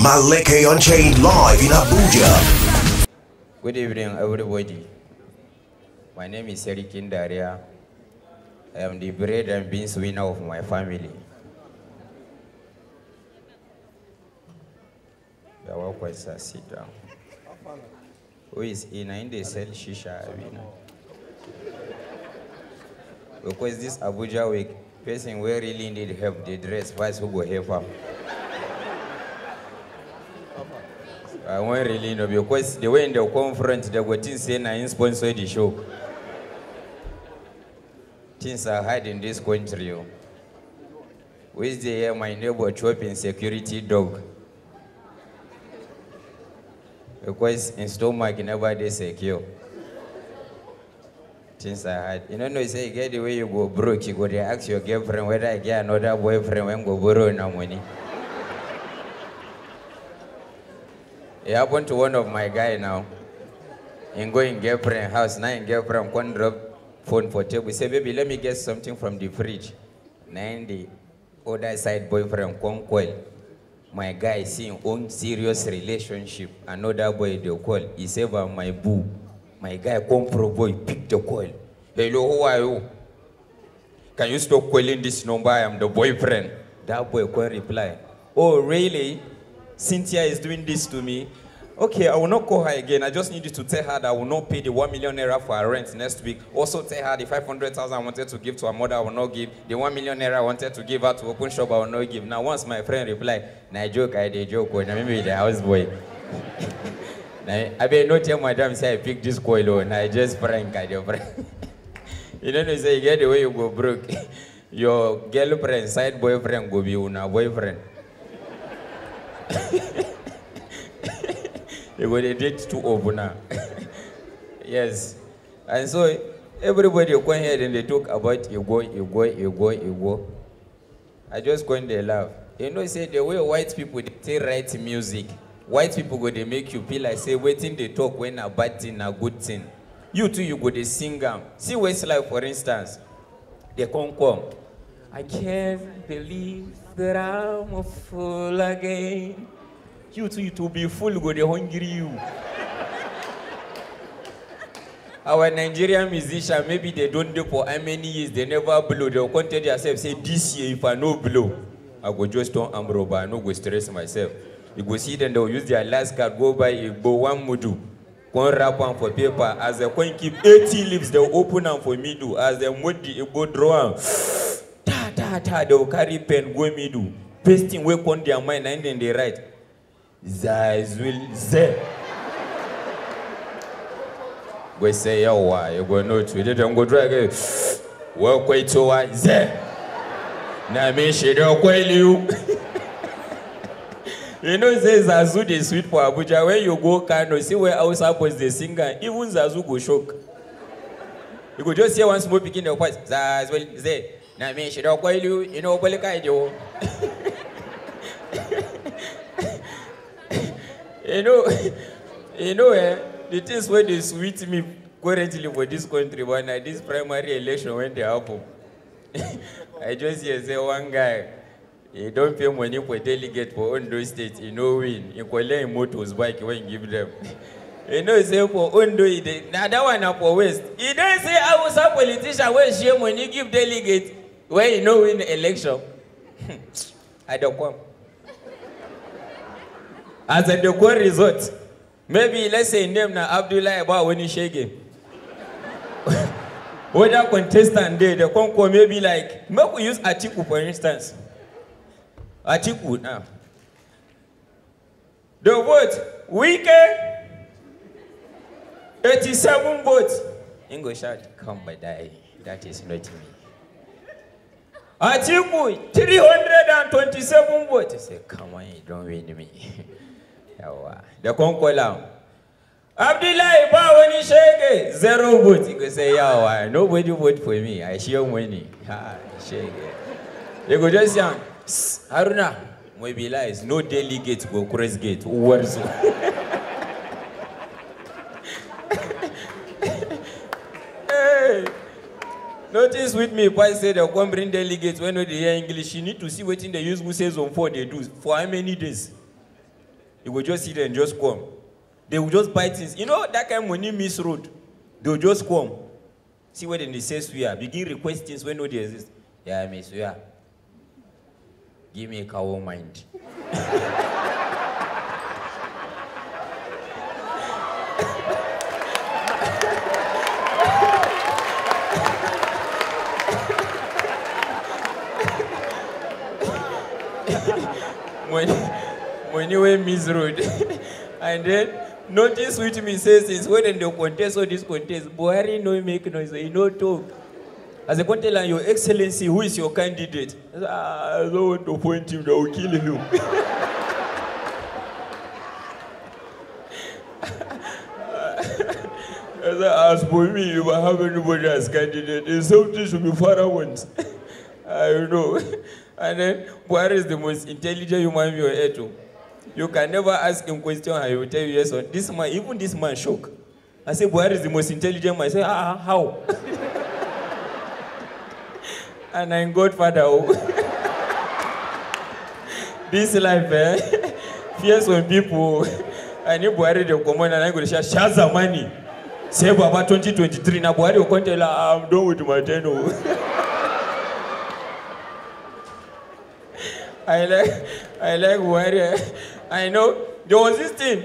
Maleke Unchained live in Abuja. Good evening, everybody. My name is Eric Indaria. I am the bread and beans winner of my family. The workers sir. Sit down. Who is in? I they sell shisha. Because this Abuja week, person who really need help, the dress, vice who will help her. I won't really know because the way in the conference they were things saying I sponsor the show. Things are hard in this country. Which they hear uh, my neighbor chopping security dog. Because in stomach never they secure. Things are hard. You know, no, you say get the way you go broke, you go they ask your girlfriend whether I get another boyfriend when go borrow no money. It happened to one of my guy now. And going girlfriend house, nine girlfriend, one drop phone for table. Say, baby, let me get something from the fridge. Nine the other side boyfriend, one call. My guy seeing own serious relationship. Another boy the call. He say, my boo. My guy come pro boy, pick the call. Hello, who are you? Can you stop calling this number? I am the boyfriend. That boy can reply. Oh, really? Cynthia is doing this to me okay, I will not call her again. I just need you to tell her that I will not pay the 1 million naira for her rent next week. Also tell her the 500,000 I wanted to give to her mother, I will not give. The 1 million naira I wanted to give her to open shop, I will not give. Now, once my friend replied, na joke, I did joke, when oh, I remember the house boy. I been not tell my dad say I pick this coil on. Oh, I just prank I do prank. you know, they say you get the way you go broke. Your girlfriend, side boyfriend go be una boyfriend they were addicted to now. yes. And so everybody go ahead and they talk about you go, you go, you go, you go. I just go and they laugh. You know, say the way white people they say write music. White people go they make you feel like say waiting they talk when a bad thing, a good thing. You too, you go they sing them. See Westlife, for instance. They come come. I can't believe that I'm a fool again. you too to be full go dey hungry you our nigerian musician maybe they don dey for how many years they never blow they con tell theirself say this year if i no blow i go just turn am rubber i no go stress myself you go see dem dey use their last card go buy igbo one mudu con wrap am for paper as dem con keep eighty leaves dem open am for middle as dem mold the igbo draw am ta ta ta dem carry pen go middle pasting wey con their mind na im dem dey write zazulze gwai sai yawa ya gwano cuta don gudura ga wakwai towa ze na me shi da you know say zazu dey sweet for abuja when you go kano see where hausa boys dey sing am even zazu go shock you go just hear one small pikin dey voice zazu ze na me shi da kwai you know bolika idiyo you know you know eh the things wey they sweet me currently for this country when uh, na this primary election wey dey happen i just hear say one guy he don't pay money for delegate for ondo state he no win he collect him motos bike wey he give them. e know say for ondo he dey na that one up for west He don't say I was a politician wey share money give delegate wey he no win election i don't come. as a decor resort. Maybe let's say name na Abdullah Ba Wani Shege. Whether contestant there, the Conco maybe like, maybe we use Atiku for instance. Atiku now. The vote, Wike, 87 votes. English, come by die. That is not me. Atiku, 327 votes. He said, come on, you don't win me. The yawa da kwankwala abdullahi ba wani shege zero vote ku say yeah, yawa nobody vote for me i shi yan wani ha shege you go just say, haruna lies. no delegate go cross gate uwar su Notice with me, Pai said they'll come bring delegates when they hear English. You need to see what they use who says on four they do. For how many days? You will just sit there and just come. They will just buy things. You know that kind when you miss road, they will just come. See where they say swear. Begin requesting things when no they exist. Yeah, I swear. Give me a cow mind. when Onyewe Mills Road. and then notice which me says is when the contest or this contest, Buhari no make noise, he no talk. As a contestant, Your Excellency, who is your candidate? I, said, ah, I don't want to point him, that will kill him. As, as for me, if I have anybody as candidate, it's something should be far away. I know. And then, Buhari is the most intelligent human being ever. You can never ask him question I will tell you yes or this man, even this man shook. I said, where is the most intelligent man. I said, ah, ah, how? and I'm Godfather. Oh. this life, eh? Fears when people. and if Buhari the come and I'm going to say, Shaza money. Say, Baba 2023. Now Buhari will come tell ah, I'm done with my tenure. I like... I like warrior. I know there was this thing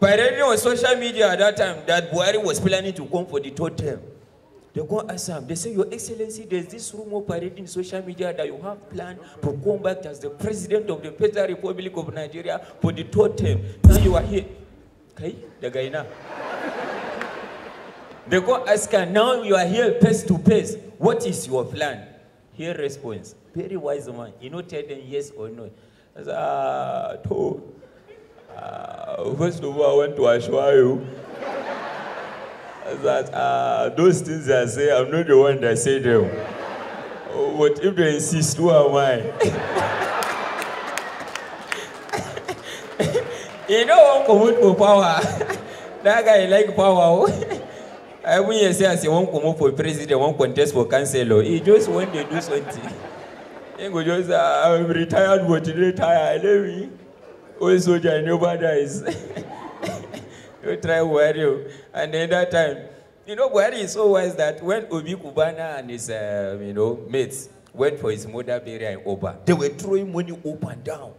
parading on social media at that time that Buhari was planning to come for the third term. They go ask him, they say, Your Excellency, there's this rumor parading in social media that you have planned to come back as the president of the Federal Republic of Nigeria for the third term. Now you are here. Okay, the guy now. They go ask him. now you are here face to face. What is your plan? Here response. Very wise man. You know, tell them yes or no. I said, ah, uh, first of all, I went to assure you that uh, those things I say, I'm not the one that say them. But if they insist, who am I? you know, one commute for power. that guy like power. Oh. I mean, yes, yes, one commute for president, one contest for councilor. He just want to do something. He go just, ah, I'm retired, but he retire. Let me. Old soldier, he never dies. you try worry And then that time, you know, Buhari is so wise that when Obi Kubana and his, uh, you know, mates went for his mother burial in Oba, they were throwing money up and down.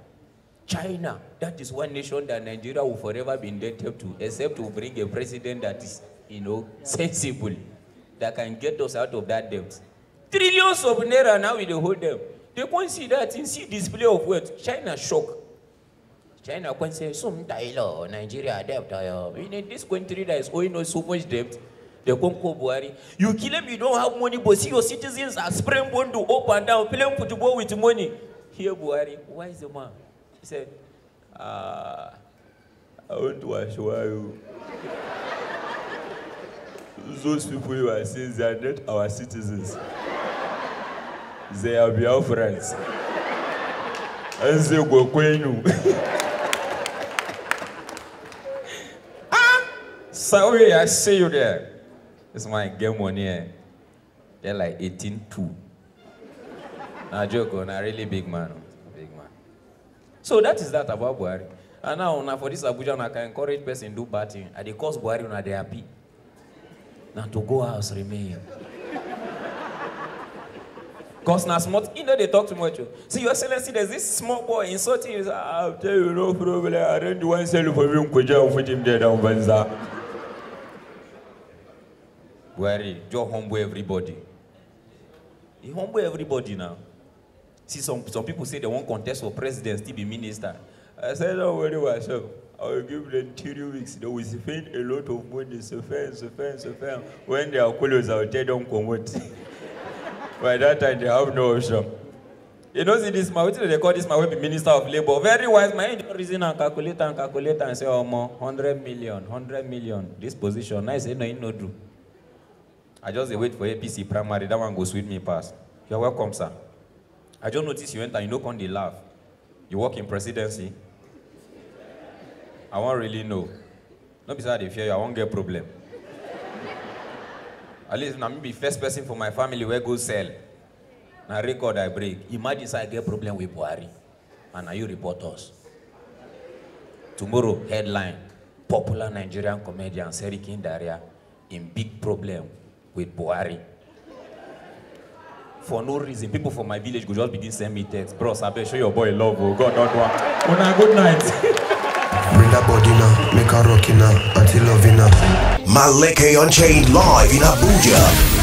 China, that is one nation that Nigeria will forever be indebted to, except to bring a president that is, you know, sensible, that can get us out of that debt. Trillions of naira now the hold debt. They can't see that in see display of wealth. China shock. China can say, some dialogue, Nigeria debt. Uh, in this country that is owing us so much debt, they can't call worry. You kill them, you don't have money, but see your citizens are spraying bundle up and down, playing football with money. Here, Buhari, why is the man? He said, uh, I want to assure you. Those people you are saying, they are not our citizens. They are Biafrans. and they go kwenu. ah! Sorry, I see you there. It's my game one here. They're like 18 2. Now, joke on oh, a really big man. Oh, big man. So that is that about Buhari. And now, now for this Abuja, I can encourage person do bad thing. And they cause Buhari, now they happy. Now to go house remain. Because now smart, you know they talk too much. Oh. See, Your Excellency, there's this small boy insulting you. Ah, I'll tell you no problem. I don't want to sell for him. Could you put him there down, Benza? Ah. Worry, just humble everybody. He humble everybody now. See, some, some people say they won't contest for president, still be minister. I said, don't worry myself. I will give them three weeks. They will spend a lot of money, so fair, so fair, so fair. When they are close, I will tell them, come By that time, they have no option. You know, see this man, what they call this man will be Minister of Labour. Very wise man, you reason and calculate and calculate and say, oh, more, 100 million, 100 million, this position. Now I say, no, you no do. I just wait for APC primary, that one goes with me past. You're welcome, sir. I just notice you enter, you know, come the laugh. You work in presidency. I won't really know. Not besides you fear, I won't get problem. At least na me be first person for my family where go sell. Na record I break. Imagine say I get problem with Buhari. And na you report us. Tomorrow, headline. Popular Nigerian comedian Serikin Daria in big problem with Buhari. For no reason, people from my village go just begin send me text. Bro, Sabe, show your boy love. Oh, God, don't want. Una, good night. Bring that body now, make her rocky now, until loving now. Maleke Unchained live in Abuja.